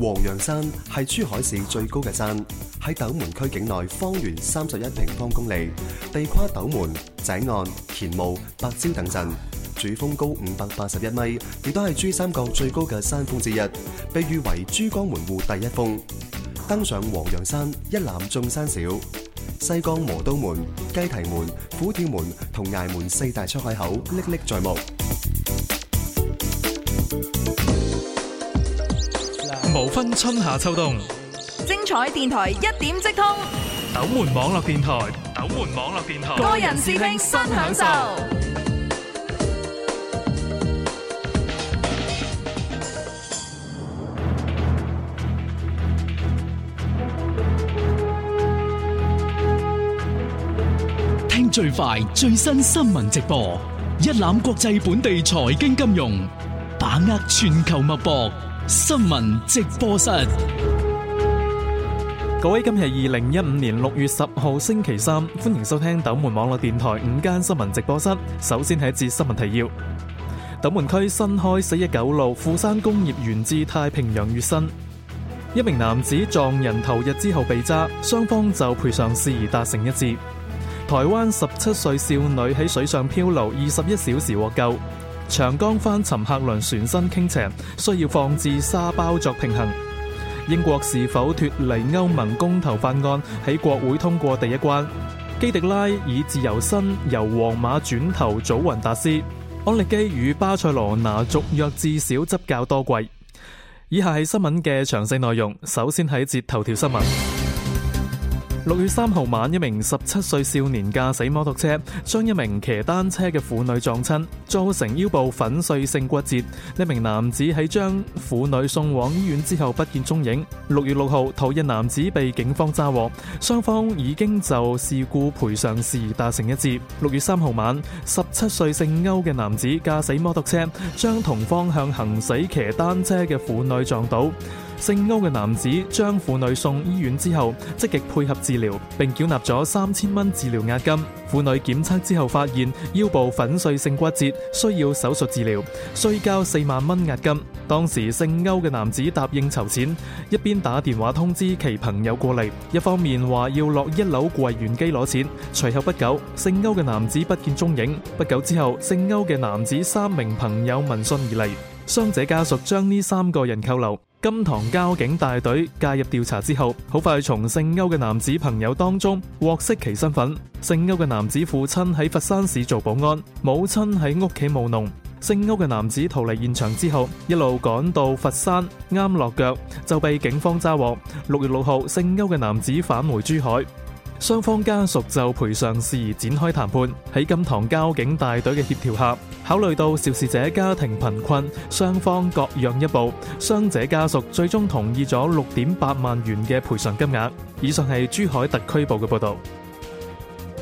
黃楊山係珠海市最高嘅山，喺斗門區境內，方圓三十一平方公里，地跨斗門、井岸、乾務、白蕉等鎮。主峰高五百八十一米，亦都係珠三角最高嘅山峰之一，被譽為珠江門戶第一峰。登上黃楊山，一覽眾山小，西江磨刀門、雞啼門、虎跳門同崖門四大出海口歷歷在目。分春夏秋冬，精彩電台一點即通。斗門網絡電台，斗門網絡電台，個人視聽新享受。聽最快最新新聞直播，一覽國際本地財經金融，把握全球脈搏。新聞直播室，各位，今日二零一五年六月十號星期三，歡迎收聽斗門網絡電台五間新聞直播室。首先係一節新聞提要：斗門區新開四一九路富山工業園至太平洋越新，一名男子撞人頭日之後被揸，雙方就賠償事宜達成一致。台灣十七歲少女喺水上漂流二十一小時獲救。長江翻沉客輪船身傾斜，需要放置沙包作平衡。英國是否脫離歐盟公投法案喺國會通過第一關。基迪拉以自由身由皇馬轉投祖雲達斯，安力基與巴塞羅那續約至少執教多季。以下係新聞嘅詳細內容，首先係一節頭條新聞。六月三號晚，一名十七歲少年駕駛摩托車將一名騎單車嘅婦女撞親，造成腰部粉碎性骨折。呢名男子喺將婦女送往醫院之後不見蹤影。六月六號，逃逸男子被警方抓獲，雙方已經就事故賠償事宜達成一致。六月三號晚，十七歲姓歐嘅男子駕駛摩托車將同方向行駛騎單車嘅婦女撞倒。姓歐嘅男子將婦女送醫院之後，積極配合治療，並繳納咗三千蚊治療押金。婦女檢測之後發現腰部粉碎性骨折，需要手術治療，需交四萬蚊押金。當時姓歐嘅男子答應籌錢，一邊打電話通知其朋友過嚟，一方面話要落一樓櫃員機攞錢。隨後不久，姓歐嘅男子不見蹤影。不久之後，姓歐嘅男子三名朋友聞訊而嚟。傷者家屬將呢三個人扣留，金堂交警大隊介入調查之後，好快從姓歐嘅男子朋友當中獲悉其身份。姓歐嘅男子父親喺佛山市做保安，母親喺屋企務農。姓歐嘅男子逃離現場之後，一路趕到佛山，啱落腳就被警方抓獲。六月六號，姓歐嘅男子返回珠海。雙方家屬就賠償事宜展開談判，喺金塘交警大隊嘅協調下，考慮到肇事者家庭貧困，雙方各讓一步，傷者家屬最終同意咗六點八萬元嘅賠償金額。以上係珠海特區報嘅報道。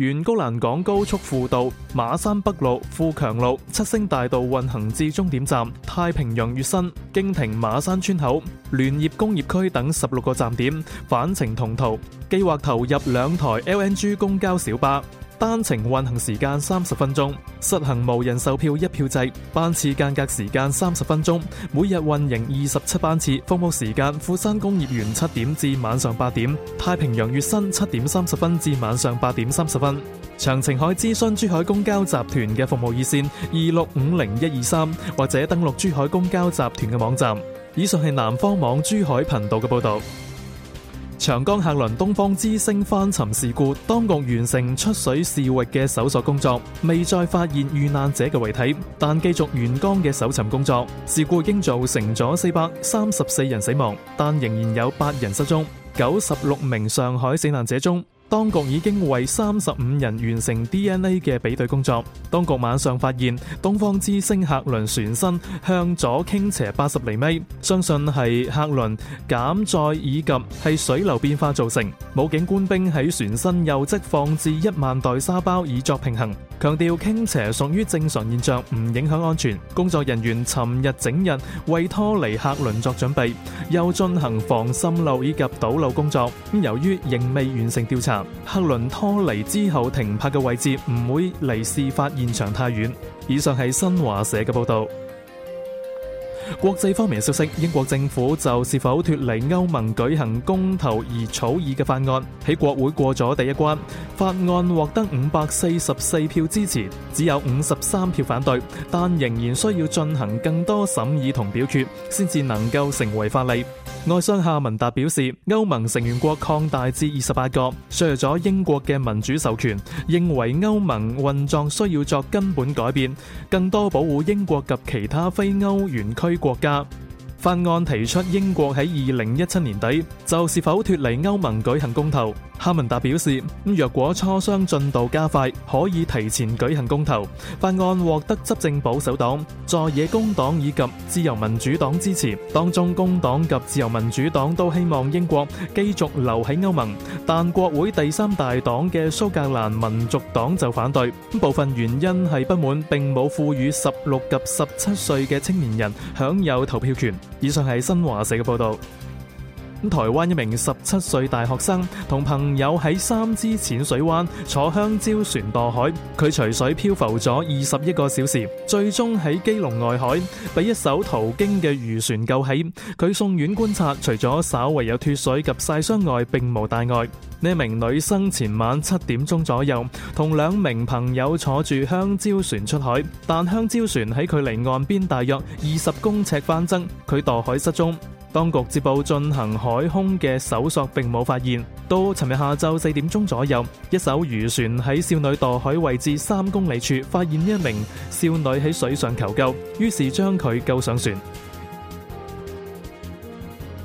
沿高蘭港高速輔道、馬山北路、富強路、七星大道運行至終點站太平洋、粵新、經停、馬山村口、聯業工業區等十六個站點，返程同途。計劃投入兩台 LNG 公交小巴。單程運行時間三十分鐘，實行無人售票一票制，班次間隔時間三十分鐘，每日運營二十七班次，服務時間富山工業園七點至晚上八點，太平洋月新七點三十分至晚上八點三十分。詳情可諮詢珠海公交集團嘅服務熱線二六五零一二三，或者登錄珠海公交集團嘅網站。以上係南方網珠海頻道嘅報道。長江客輪東方之星翻沉事故，當局完成出事水域嘅搜索工作，未再發現遇難者嘅遺體，但繼續沿江嘅搜尋工作。事故已經造成咗四百三十四人死亡，但仍然有八人失蹤。九十六名上海死難者中，當局已經為三十五人完成 DNA 嘅比對工作。當局晚上發現東方之星客輪船身向左傾斜八十厘米，相信係客輪減載以及係水流變化造成。武警官兵喺船身右側放置一萬袋沙包以作平衡，強調傾斜屬於正常現象，唔影響安全。工作人員尋日整日為拖離客輪作準備，又進行防滲漏以及堵漏工作。咁由於仍未完成調查，客輪拖離之後停泊嘅位置唔會離事發現場太遠。以上係新華社嘅報道。國際方面消息，英國政府就是否脫離歐盟舉行公投而草擬嘅法案喺國會過咗第一關，法案獲得五百四十四票支持，只有五十三票反對，但仍然需要進行更多審議同表決，先至能夠成為法例。外相夏文達表示，歐盟成員國擴大至二十八個，削弱咗英國嘅民主授權，認為歐盟運作需要作根本改變，更多保護英國及其他非歐元區國家。法案提出英國喺二零一七年底就是否脫離歐盟舉行公投。哈文達表示，若果磋商進度加快，可以提前舉行公投。法案獲得執政保守黨、在野工黨以及自由民主黨支持，當中工黨及自由民主黨都希望英國繼續留喺歐盟，但國會第三大黨嘅蘇格蘭民族黨就反對，部分原因係不滿並冇賦予十六及十七歲嘅青年人享有投票權。以上係新華社嘅報道。咁台灣一名十七歲大學生同朋友喺三芝淺水灣坐香蕉船墮海，佢隨水漂浮咗二十一個小時，最終喺基隆外海俾一艘途經嘅漁船救起。佢送院觀察，除咗稍為有脫水及曬傷外，並無大礙。呢名女生前晚七點鐘左右同兩名朋友坐住香蕉船出海，但香蕉船喺距離岸邊大約二十公尺翻側，佢墮海失蹤。當局接報進行海空嘅搜索，並冇發現。到尋日下晝四點鐘左右，一艘漁船喺少女墮海位置三公里處，發現一名少女喺水上求救，於是將佢救上船。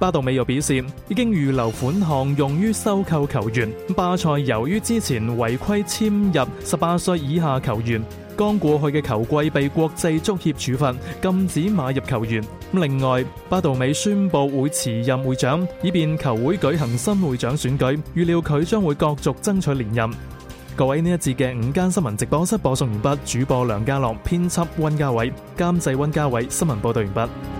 巴道美又表示，已經預留款項用於收購球員。巴塞由於之前違規簽入十八歲以下球員，剛過去嘅球季被國際足協處罰，禁止買入球員。另外，巴道美宣布會辭任會長，以便球會舉行新會長選舉，預料佢將會角逐爭取連任。各位，呢一節嘅五間新聞直播室播送完畢，主播梁家樂，編輯溫家偉，監製溫家偉，新聞報道完畢。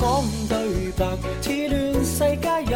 講對白，似亂世佳人。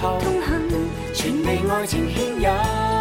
痛恨全被愛情牽引。